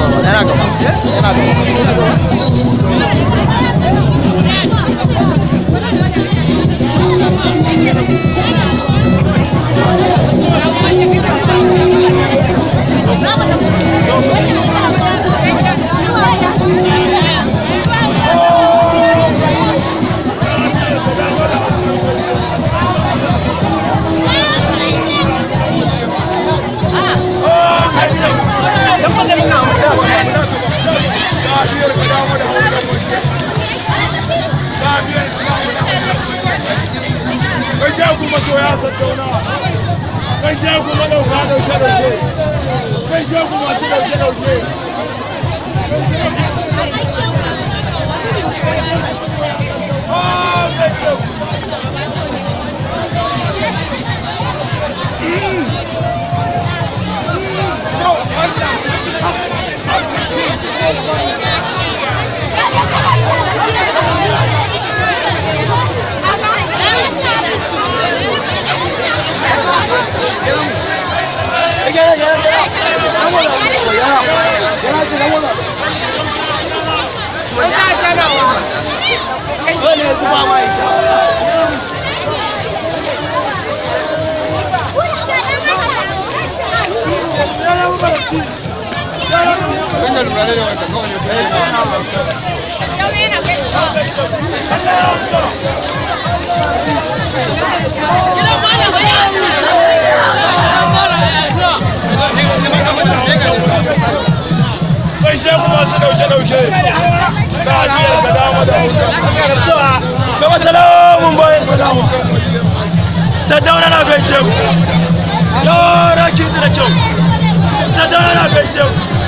બાબા એના કમાવ એના કમાવ tattaunawa kai sai ku madauka daushe daushe kai sai ku masu daushe daushe Baishe kuma su sadaura na ku kinsu da kyau sadaura na